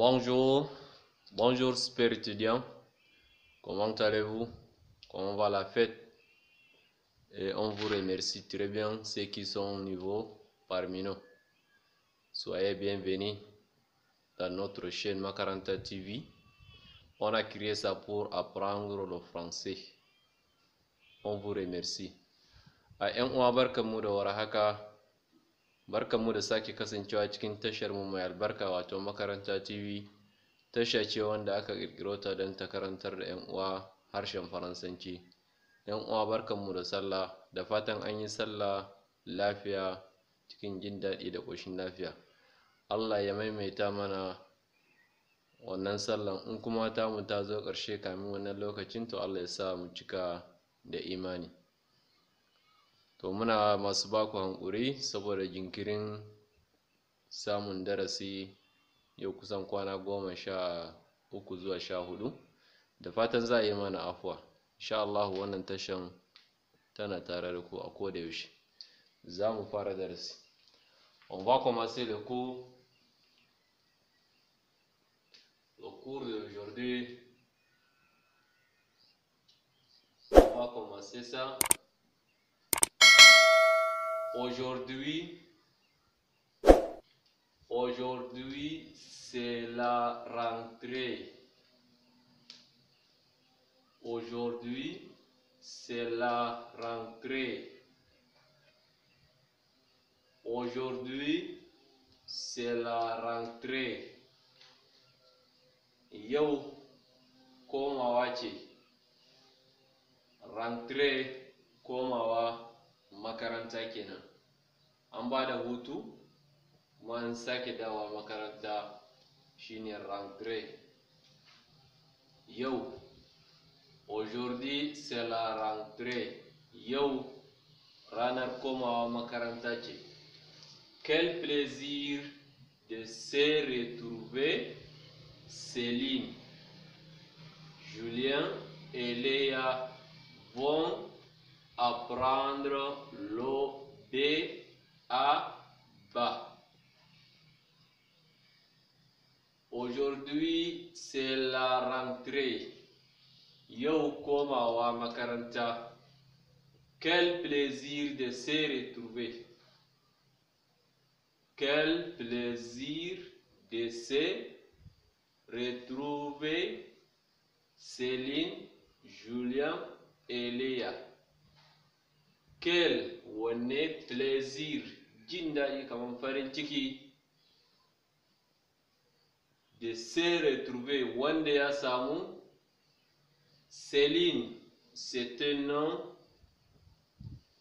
Bonjour, bonjour super étudiant. Comment allez-vous? Comment va la fête? Et on vous remercie très bien ceux qui sont au niveau parmi nous. Soyez bienvenus dans notre chaîne Macaranta TV. On a créé ça pour apprendre le français. On vous remercie. mu da sake kasancewa cikin tashar mu mai albarka wato makaranta TV. Tasha ce wanda aka kirkiro ta don ta karantar da 'yan uwa harshen Faransanci. 'Yan uwa mu da sallah, da fatan an yi sallah lafiya cikin jin daɗi da ƙoshin lafiya. Allah ya maimaita mana wannan sallan in kuma ta mu ta zo ƙarshe kamin wannan lokacin to Allah ya sa mu cika da imani. to muna masu baku hankuri saboda jinkirin samun darasi yau kusan kwana goma sha uku zuwa sha hudu da fatan za a yi mana afuwa insha Allah wannan tashan tana tare da ku a koda yaushe za mu fara darasi on va commencer le da ku cours d'aujourd'hui on va commencer ça Aujourd'hui, aujourd'hui c'est la rentrée. Aujourd'hui, c'est la rentrée. Aujourd'hui, c'est la rentrée. Yo, vas-tu? Rentrée va ma kenan. an ba da hutu kuma an sake dawa makaranta shine rentrée yau aujourd'hui c'est la rentrée yau ranar komawa makaranta ce quel plaisir de se retrouver Quel plaisir de se retrouver. Quel plaisir de se retrouver Céline, Julien et Léa. Quel honnête plaisir de se retrouver Céline c'est un nom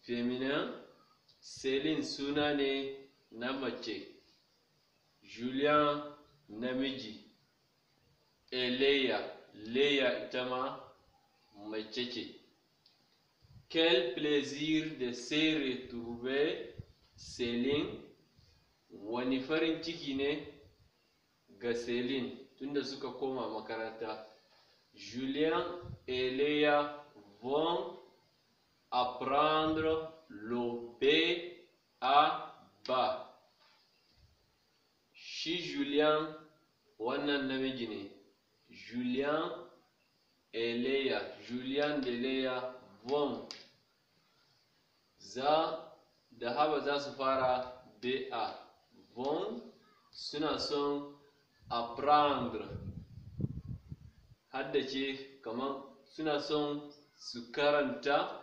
féminin. Céline suna ne na mace. Julian namiji. Eleya, Leya ita ma mace ce. Quel plaisir de se retrouver, Céline. Wani farin ciki ne ga Céline tunda suka koma makaranta. Julian, Eleya, vont apprendre le B a ba shi Julian wannan namiji ne Julian Eleya Julian Eleya von za da haba za su fara ba von suna son apprendre haddace kamar suna son su karanta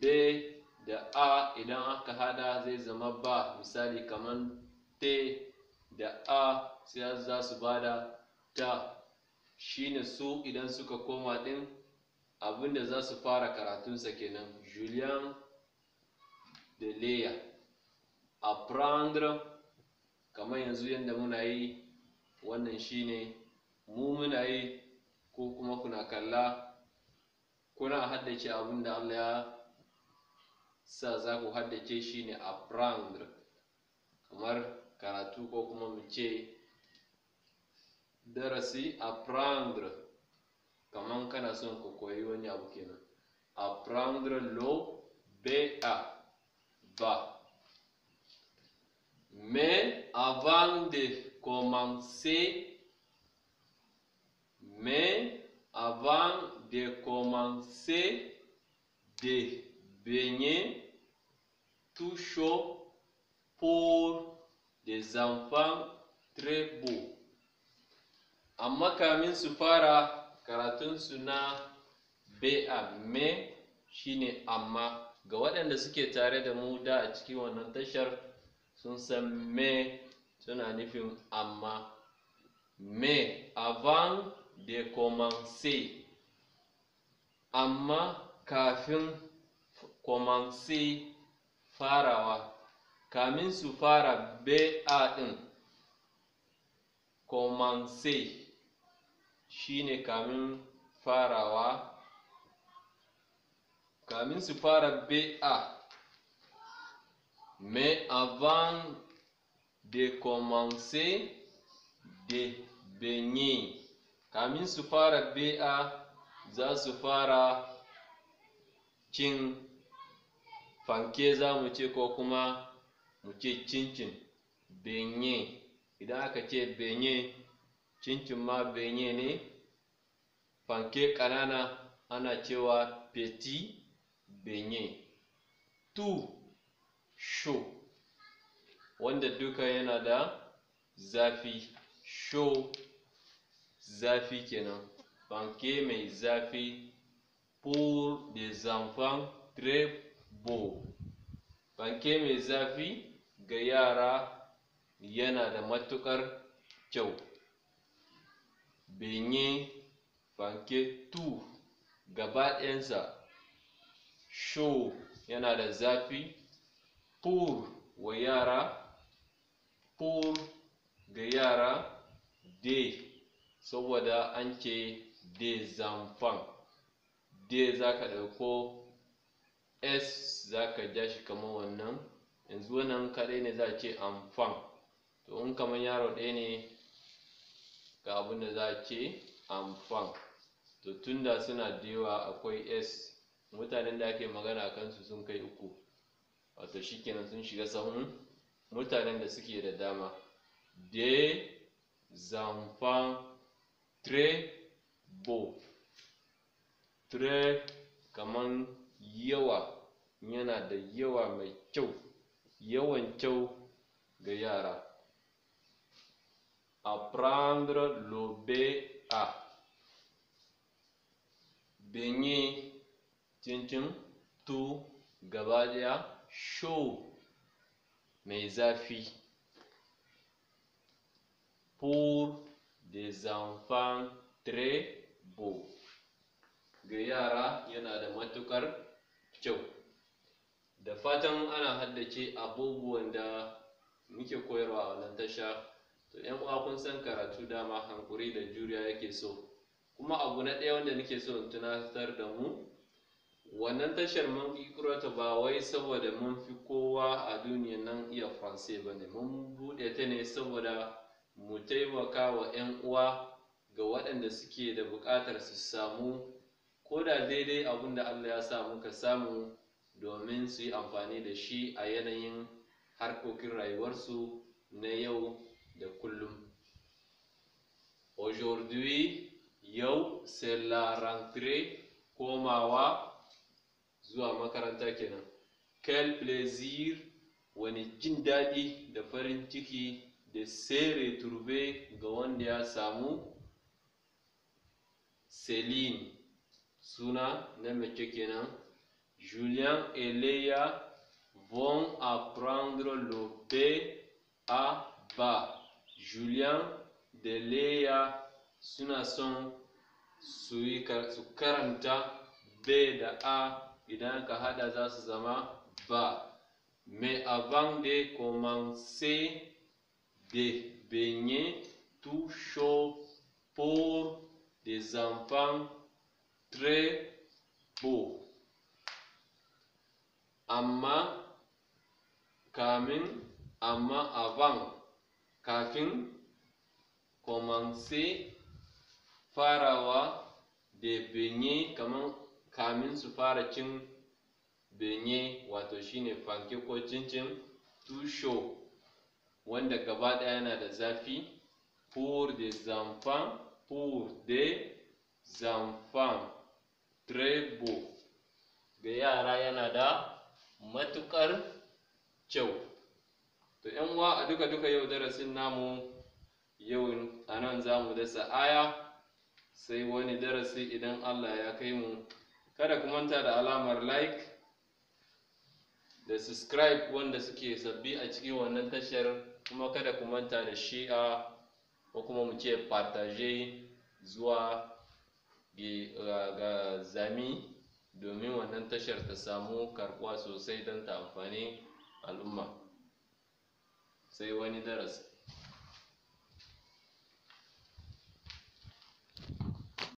b da a idan aka hada zai zama ba misali kamar t da a sai za su bada ta shine su idan suka koma din abinda za su fara karatunsa kenan julian de leya apprendre kamar yanzu yadda muna yi wannan shine mu muna yi ko kuma kuna kalla kuna haddace abin da Allah ya sa za ku haddace shi ne aprendre kamar karatu ko kuma mu ce darasi aprendre kamar kana son ka koyi wani abu kenan aprendre lo ba ba mais avant de commencer mais avant de commencer de baigner tout chaud pour des enfants très beaux. Amma kamin su fara karatunsu na ba'a me shine amma ga waɗanda suke tare da mu da a cikin wannan tashar sun san me suna nufin amma me avant de commencer amma kafin commencer farawa kamin su fara ba din commencer shine kamin farawa kamin su fara ba mais avant de commencer de baigner kamin su fara bai'a za su fara cin fanke za mu ce ko kuma mu ce cincin benye idan aka ce benye cincin ma benye ne fanke ƙanana ana cewa peti benye tu sho wanda duka yana da zafi sho zafi kenan panke mai zafi pour des enfants très beaux panke mai zafi ga yara yana da matukar kyau benye panke tu gaba ɗayansa show yana da zafi pour wa yara pour ga yara de saboda an ce de zamfan de za ka ɗauko s za ka ja shi kamar wannan yanzu wannan kaɗai ne za a ce amfan to in kamar yaro ɗaya ne ga abin da za a ce amfan to tunda suna da yawa akwai s mutanen da ake magana kansu sun kai uku wato kenan sun shiga sahun mutanen da suke da dama de zamfan Trebo. Tre kaman yawa yana da yawa mai kyau, yawan kyau ga yara. Apprendre l'obe a. Benye cincin tu gaba daya show mai zafi. Pour des enfants très beaux ga yara yana da matukar kyau da fatan ana haddace abubuwan da muke koyarwa a wannan tasha to yan uwa kun san karatu dama hankuri da juriya yake so kuma abu na ɗaya wanda nake so in tunatar da mu wannan tashar mun kirkiro ta ba wai saboda mun fi kowa a duniyan nan iya ba ne, mun buɗe ta ne saboda mu taimaka wa 'yan uwa ga waɗanda suke da buƙatar su samu ko da daidai abin da Allah ya sa muka samu domin su yi amfani da shi a yanayin harkokin rayuwarsu na yau da kullum. Aujourd'hui, yau c'est la rentrée komawa zuwa makaranta kenan. Quel plaisir wani jin daɗi da farin ciki da sere turbe ga wanda ya samu selin suna e na mace kenan julian eleya leia vont apprendre le b a ba julian da suna son su karanta b da a idan ka hada za su zama ba mais avant de commencer de baigner tout chaud pour des enfants très beaux. Amma kamin amma avant kafin commencer farawa de benye kaman kamin su fara cin benye wato shine fanke ko cincin tusho wanda gaba ɗaya yana da zafi pour des enfants pour des enfants très beau ga yara yana da matuƙar kyau to yan uwa duka duka yau darasin namu yau a nan za mu dasa aya sai wani darasi idan Allah ya kai mu kada ku manta da alamar like da subscribe wanda suke sabbi a cikin wannan tashar kuma kada ku manta da shi'a ko kuma mu ce partage zuwa ga zami domin wannan tashar ta samu karkuwa sosai don ta amfani al'umma sai wani darasi